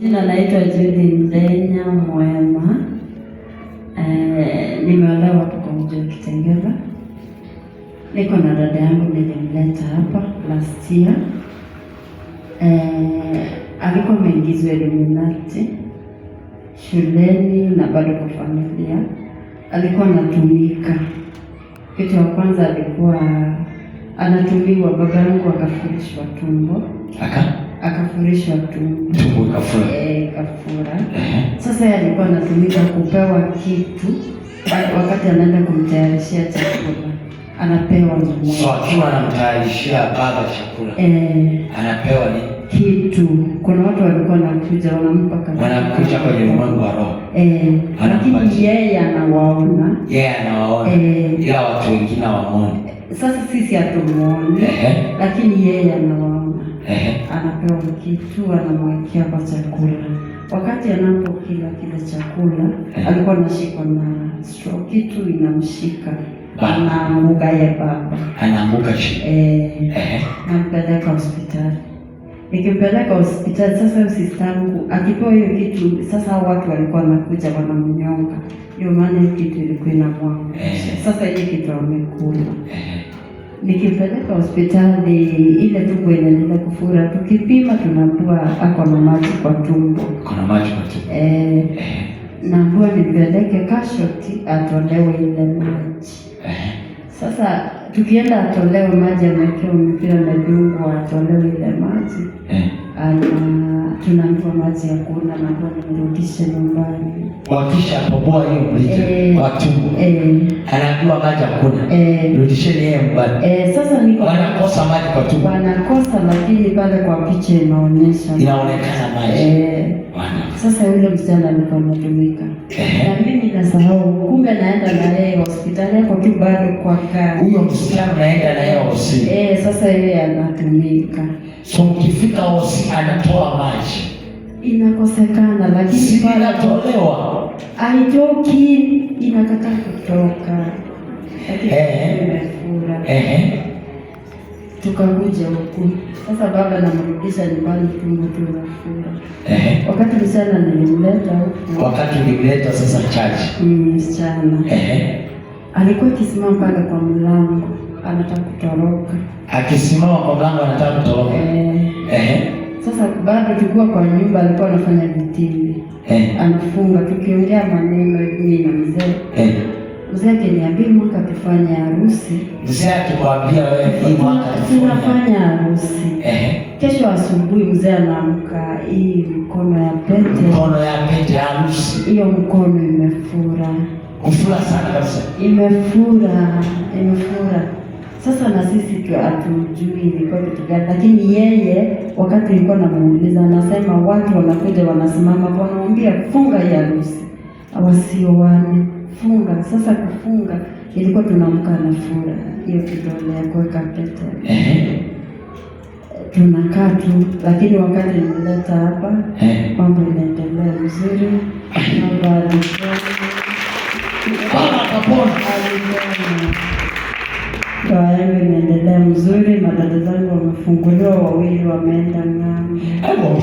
Jina naitwa Judy Mdenya Mwema. Eh, nimeolewa kutoka mji wa Kitengela. Niko na dada yangu nilimleta hapa last year. Eh, alikuwa ameingizwa Illuminati shuleni na bado kwa familia. Alikuwa anatumika. Kitu ya kwanza alikuwa anatumiwa, baba yangu akafurishwa tumbo. Aka akafurisha tu kafura. ikafura, eh Sasa yeye alikuwa anatumika kupewa kitu wakati anaenda kumtayarishia chakula, anapewa So akiwa anamtayarishia baba chakula eh, anapewa ni kitu. Kuna watu walikuwa wanakuja wanampa kama wanakuja kwenye ulimwengu wa roho eh, lakini yeye anawaona, yeye anawaona eh, ila watu wengine hawaoni sasa sisi hatumuoni lakini yeye anaona, anapewa kitu, anamwekea kwa chakula. Wakati anapokila kile chakula, alikuwa anashikwa na stroke, kitu inamshika anaanguka, ye baba anaanguka chini, eh. nampeleka hospitali nikimpeleka hospitali sasa, huyo akipewa hiyo kitu sasa, hao watu walikuwa wanakuja wanamnyonga, ndio maana hiyo kitu ilikuwa inamwanga Sasa hiyo kitu amekula nikipeleka hospitali ile tumbo inaendelea kufura, tukipima tunaambiwa ako na maji kwa tumbo, kuna maji kwa tumbo eh, eh. Naambiwa nipeleke kashoti atolewe ile maji eh. Sasa tukienda atolewe maji, amekewa mpira na dungu atolewe ile maji eh tunaambiwa maji ya kuona mabao nimerudisha nyumbani, wakisha poboa hiyo mlija eh, eh. watu anaambiwa maji ya kuona eh, rudisheni yeye nyumbani eh. Sasa niko wanakosa maji kwa tumbo, wanakosa lakini pale kwa picha inaonyesha inaonekana maji eh. Sasa yule msichana alikuwa anatumika na mimi nasahau, kumbe naenda na yeye hospitali hapo tu bado kwa kaa huyo msichana naenda na yeye hospitali eh. Sasa yeye anatumika so mkifika osi anatoa maji inakosekana, lakini inatolewa, aitoki, inakata kutoka, lakini eh, eh, eh. tukakuja huku sasa, baba namrudisha nyumbani, tumbo tunafura. Ehe, wakati msichana nilimleta huku, wakati nilimleta sasa chaji msichana, mm, ehe, alikuwa akisimama mpaka kwa mlango, anataka kutoroka, akisimama kwa mlango, anataka kutoroka sasa bado tukiwa kwa nyumba, alikuwa anafanya vitimbi eh, anafunga, tukiongea maneno mimi na mzee eh, mzee akiniambia mwaka tufanye harusi. Mzee akikwambia wewe mwaka tunafanya harusi eh, kesho asubuhi mzee anaamka, hii mkono ya pete, mkono ya pete harusi, hiyo mkono imefura kufura sana kabisa, imefura imefura sasa na sisi hatujui ilikuwa kitu gani, lakini yeye wakati ilikuwa namuuliza, anasema watu wanakuja wanasimama, wanamwambia funga ya harusi, wasioane, funga. Sasa kufunga ilikuwa tunamka na fura hiyo kidole ya kuweka pete tunakaa tu, lakini wakati nilileta hapa mambo inaendelea vizuri, mambo alipona, ndoa yangu inaendelea mzuri, madada zangu wamefunguliwa, wawili wameenda ng'ambo.